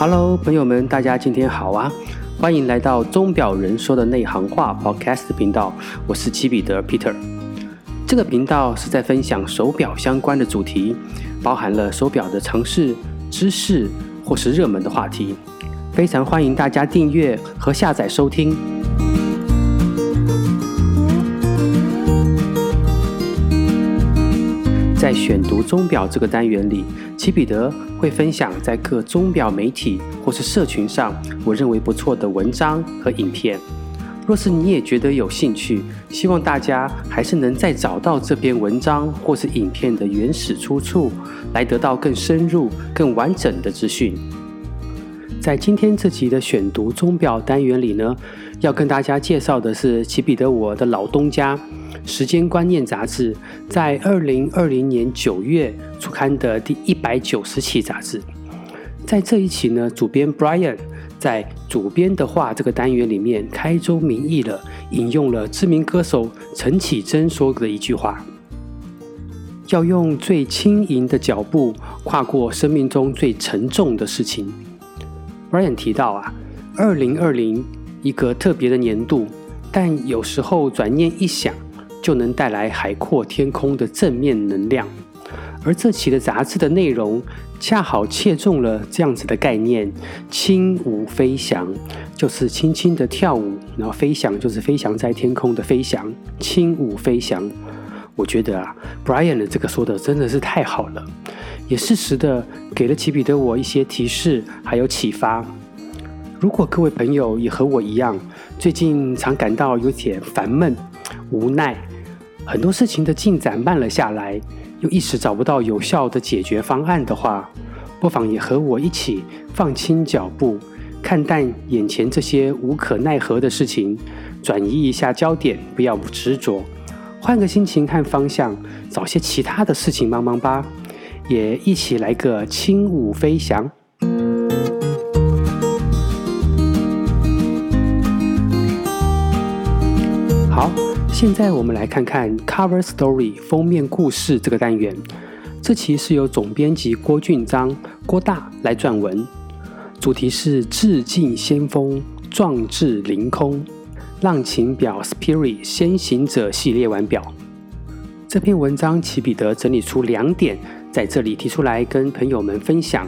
Hello，朋友們，大家今天好啊！歡迎來到《鐘錶人說的內行話》Podcast 頻道，我是齊彼得 Peter。這個頻道是在分享手表相關的主題，包含了手表的常識、知識或是熱門的話題。非常歡迎大家訂閱和下載收聽。在選讀鐘錶這個單元裡，齊彼得會分享在各鐘錶媒體或是社群上我認為不錯的文章和影片。若是你也覺得有興趣，希望大家還是能再找到這篇文章或是影片的原始出處，來得到更深入、更完整的資訊。在今天這集的選讀鐘錶單元裡呢，要跟大家介紹的是齊彼得我的老東家《時間觀念》雜誌在二零二零年九月出刊的第一百九十期雜誌。在這一期呢，主編 Brian 在“主編的話”這個單元裡面開宗明義了，引用了知名歌手陳綺貞說過的一句話：“要用最輕盈的腳步跨過生命中最沉重的事情。” Brian 提到啊，二零二零一個特別的年度，但有時候轉念一想，就能帶來海闊天空的正面能量。而這期的雜誌的內容，恰好切中了這樣子的概念：輕舞飛翔，就是輕輕的跳舞，然後飛翔就是飛翔在天空的飛翔，輕舞飛翔。我覺得啊，Brian 的這個說的真的是太好了，也適時的給了齊彼得我一些提示，還有啟發。如果各位朋友也和我一樣，最近常感到有點煩悶、無奈，很多事情的進展慢了下來，又一時找不到有效的解決方案的話，不妨也和我一起放輕腳步，看淡眼前這些無可奈何的事情，轉移一下焦點，不要不執着。換個心情看方向，找些其他的事情忙忙吧，也一起來個輕舞飛翔。好，現在我們來看看 Cover Story 封面故事這個單元。這期是由總編輯郭峻彰、郭大來撰文，主題是致敬先鋒，壯志凌空。浪琴表 Spirit 先行者系列腕錶。這篇文章，齊彼得整理出兩點，在這裡提出來跟朋友們分享。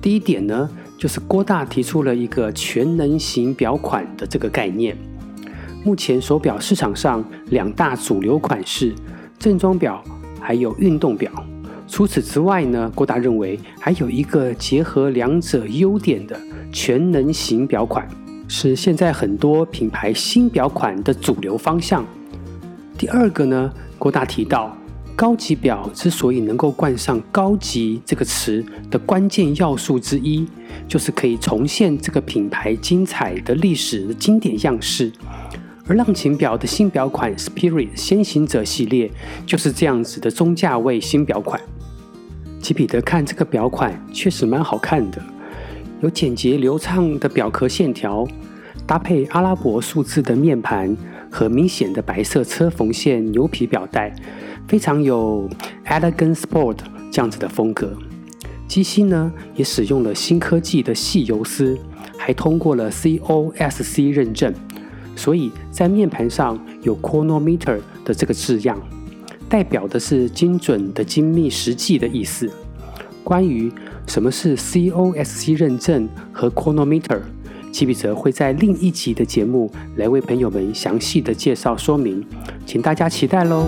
第一點呢，就是郭大提出了一個全能型錶款的這個概念。目前手錶市場上兩大主流款式，正裝錶還有運動錶。除此之外呢，郭大認為還有一個結合兩者優點的全能型錶款。是現在很多品牌新表款的主流方向。第二個呢，郭大提到，高級表之所以能夠冠上“高級”這個詞的關鍵要素之一，就是可以重現這個品牌精彩的歷史的經典樣式。而浪琴表的新表款 Spirit 先行者系列就是這樣子的中價位新表款。齊彼得看這個表款確實蠻好看的。有簡潔流暢的錶殼線條，搭配阿拉伯數字的面盤和明顯的白色車縫線牛皮錶帶，非常有 elegant sport 這樣子的風格。機芯呢，也使用了新科技的矽遊絲，還通過了 COSC 認證，所以在面盤上有 chronometer 的這個字樣，代表的是精準的精密時計的意思。關於什麼是 COSC 認證和 Chronometer，齊彼得會在另一集的節目來為朋友們詳細的介紹說明，請大家期待嘍。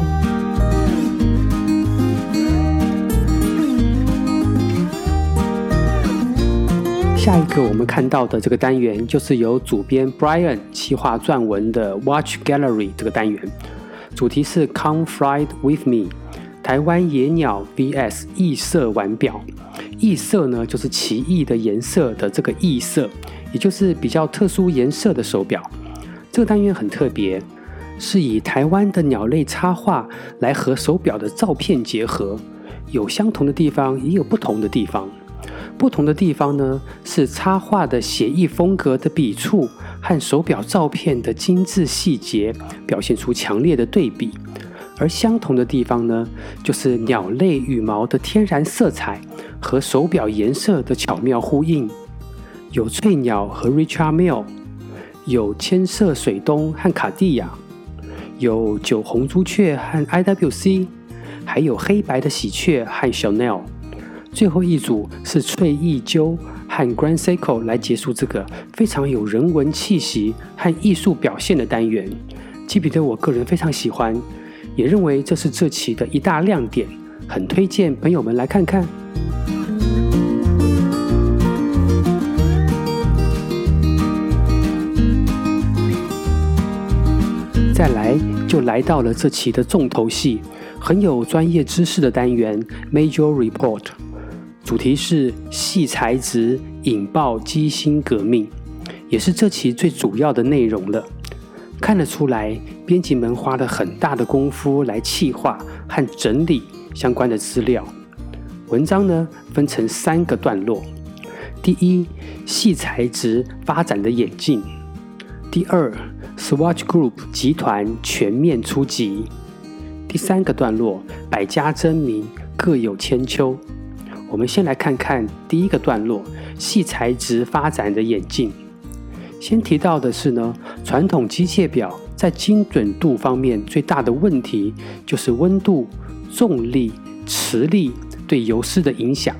下一個我們看到的這個單元就是由主編 Brian 企劃撰文的 Watch Gallery 這個單元，主題是 Come Fly With Me。台灣野鳥 vs 異色腕錶，異色呢就是奇異的顏色的這個異色，也就是比較特殊顏色的手錶。這個單元很特別，是以台灣的鳥類插畫來和手錶的照片結合，有相同的地方，也有不同的地方。不同的地方呢是插畫的寫意風格的筆觸和手錶照片的精緻細節，表現出強烈的對比。而相同的地方呢，就是鳥類羽毛的天然色彩和手表顏色的巧妙呼應。有翠鳥和 Richard Mille，有鉛色水鶇和卡地亞，有酒紅朱雀和 IWC，還有黑白的喜鵲和 Chanel。最後一組是翠翼鳩和 Grand Seiko 來結束這個非常有人文氣息和藝術表現的單元。齊彼得我個人非常喜歡。也認為這是這期的一大亮點，很推薦朋友們來看看。再來就來到了這期的重頭戲，很有專業知識的單元 Major Report，主題是矽材質引爆機芯革命，也是這期最主要的內容了。看得出來，編輯們花了很大的功夫來細化和整理相關的資料。文章呢分成三個段落：第一，矽材質發展的演進；第二，Swatch Group 集團全面出擊；第三個段落，百家爭鳴，各有千秋。我們先來看看第一個段落，矽材質發展的演進。先提到的是呢，傳統機械錶在精準度方面最大的問題就是溫度、重力、磁力對游絲的影響。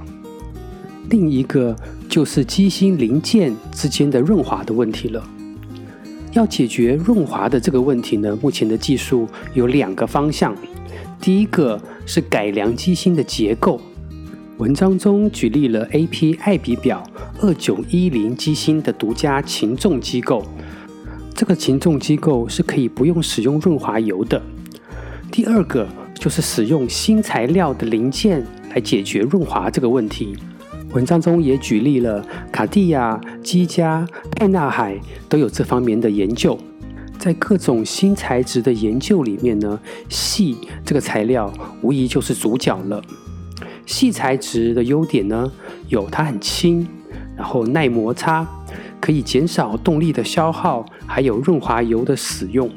另一個就是機芯零件之間的潤滑的問題了。要解決潤滑的這個問題呢，目前的技術有兩個方向，第一個是改良機芯的結構。文章中舉例了 A.P. 愛彼錶二九一零機芯的獨家擒縱機構，這個擒縱機構是可以不用使用潤滑油的。第二個就是使用新材料的零件來解決潤滑這個問題。文章中也舉例了卡地亞、積家、沛納海都有這方面的研究。在各種新材質的研究裡面呢，矽這個材料無疑就是主角了。矽材質的優點呢，有它很輕，然後耐摩擦，可以減少動力的消耗，還有潤滑油的使用。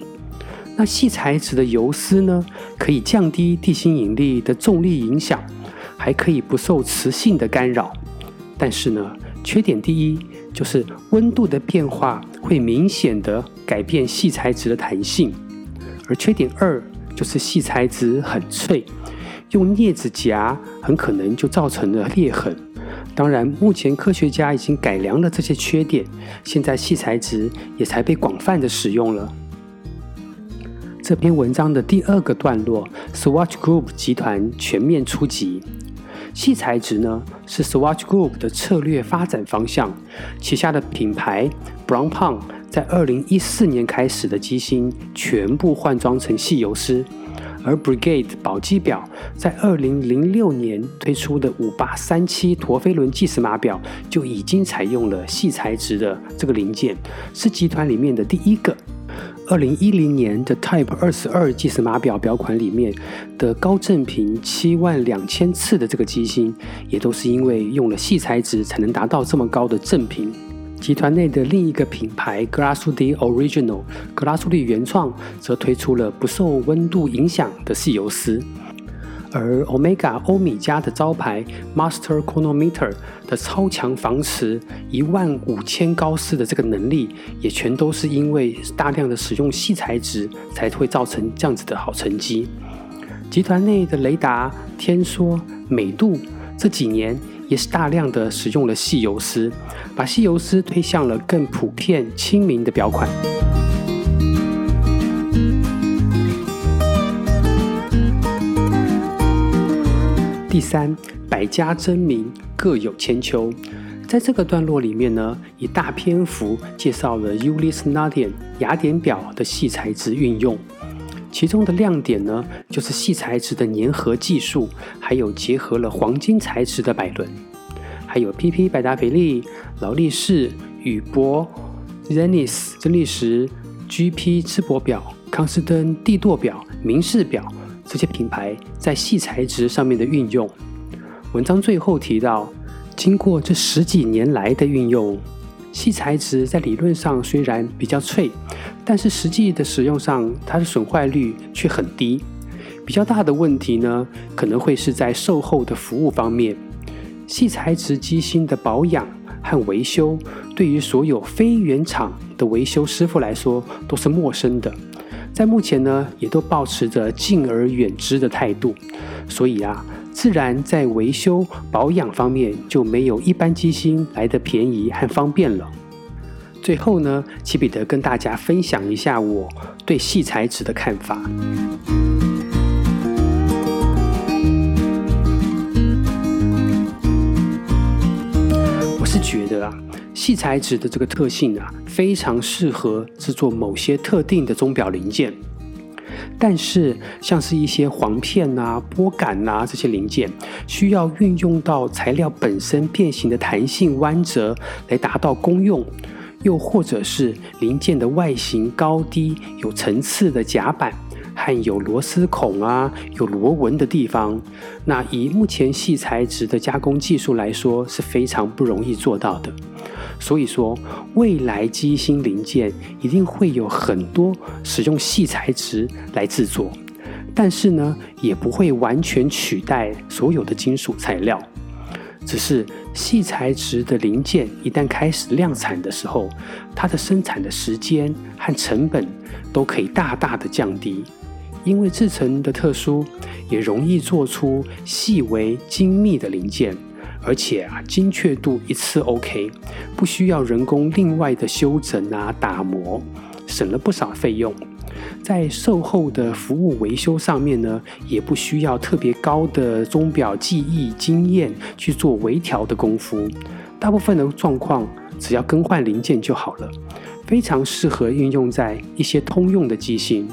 那矽材質的游絲呢，可以降低地心引力的重力影響，還可以不受磁性的干擾。但是呢，缺點第一就是溫度的變化會明顯地改變矽材質的彈性，而缺點二就是矽材質很脆。用鑷子夾很可能就造成了裂痕。當然，目前科學家已經改良了這些缺點，現在矽材質也才被廣泛的使用了。這篇文章的第二個段落，Swatch Group 集團全面出擊，矽材質呢是 Swatch Group 的策略發展方向，旗下的品牌 Blancpain 在二零一四年開始的機芯全部換裝成矽游絲。而 Breguet 寶璣表在二零零六年推出的五八三七陀飛輪計時碼表，就已經採用了矽材質的這個零件，是集團裡面的第一個。二零一零年的 Type 二十二計時碼表表款裡面的高振頻七萬兩千次的這個機芯，也都是因為用了矽材質，才能達到這麼高的振頻。集團內的另一個品牌，格拉蘇蒂 Original 格拉蘇蒂原創，則推出了不受溫度影響的矽游絲，而 Omega 歐米茄的招牌 Master Chronometer 的超強防磁一萬五千高斯的這個能力，也全都是因為大量的使用矽材質，才會造成這樣子的好成績。集團內的雷達、天梭、美度。這幾年也是大量的使用了矽游絲，把矽游絲推向了更普遍親民的錶款。第三，百家爭鳴各有千秋，在這個段落裡面呢，以大篇幅介紹了 Ulysse Nardin 雅典表的矽材質運用。其中的亮點呢，就是矽材質的粘合技術，還有結合了黃金材質的擺輪，還有 PP 百達翡麗、勞力士、宇舶、Zenith 真力時、GP 芝柏表、康斯登帝舵表、名士表這些品牌在矽材質上面的運用。文章最後提到，經過這十幾年來的運用。矽材質在理論上雖然比較脆，但是實際的使用上，它的損壞率卻很低。比較大的問題呢，可能會是在售後的服務方面。矽材質機芯的保養和維修，對於所有非原廠的維修師傅來說都是陌生的，在目前呢，也都保持着敬而遠之的態度。所以啊。自然在維修保養方面就沒有一般機芯來得便宜和方便了。最後呢，齊彼得跟大家分享一下我對矽材質的看法。我是覺得啊，矽材質的這個特性啊，非常適合製作某些特定的鐘錶零件。但是，像是一些簧片吶、啊、撥桿吶這些零件，需要運用到材料本身變形的彈性彎折來達到功用；又或者是零件的外形高低有層次的夾板。看有螺絲孔啊，有螺紋的地方，那以目前矽材質的加工技術來說是非常不容易做到的。所以說，未來機芯零件一定會有很多使用矽材質來製作，但是呢，也不會完全取代所有的金屬材料。只是矽材質的零件一旦開始量產的時候，它的生產的時間和成本都可以大大的降低。因為製程的特殊，也容易做出細微精密的零件，而且啊，精確度一次 OK，不需要人工另外的修整啊、打磨，省了不少費用。在售後的服務維修上面呢，也不需要特別高的鐘錶技藝經驗去做微調的功夫，大部分的狀況只要更換零件就好了，非常適合運用在一些通用的機型。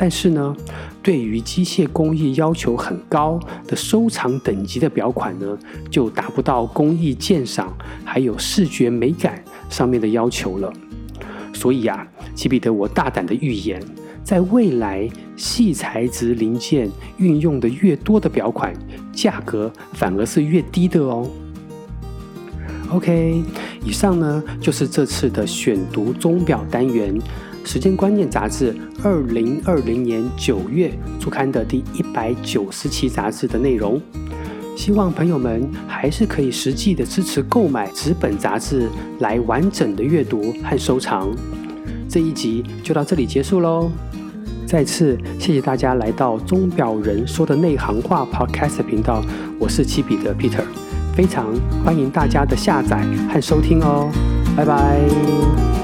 但是呢，對於機械工藝要求很高的收藏等級的表款呢，就達不到工藝鑑賞還有視覺美感上面的要求了。所以呀、啊，齊彼得，我大膽的預言，在未來矽材質零件運用的越多的表款，價格反而是越低的哦。OK，以上呢就是這次的選讀鐘錶單元。《時間觀念》雜誌二零二零年九月出刊的第一百九十期雜誌的內容，希望朋友們還是可以實際的支持購買紙本雜誌來完整的閱讀和收藏。這一集就到這裡結束嘍，再次謝謝大家來到《鐘錶人說的內行話》Podcast 頻道，我是齊彼得 Peter，非常歡迎大家的下載和收聽哦，拜拜。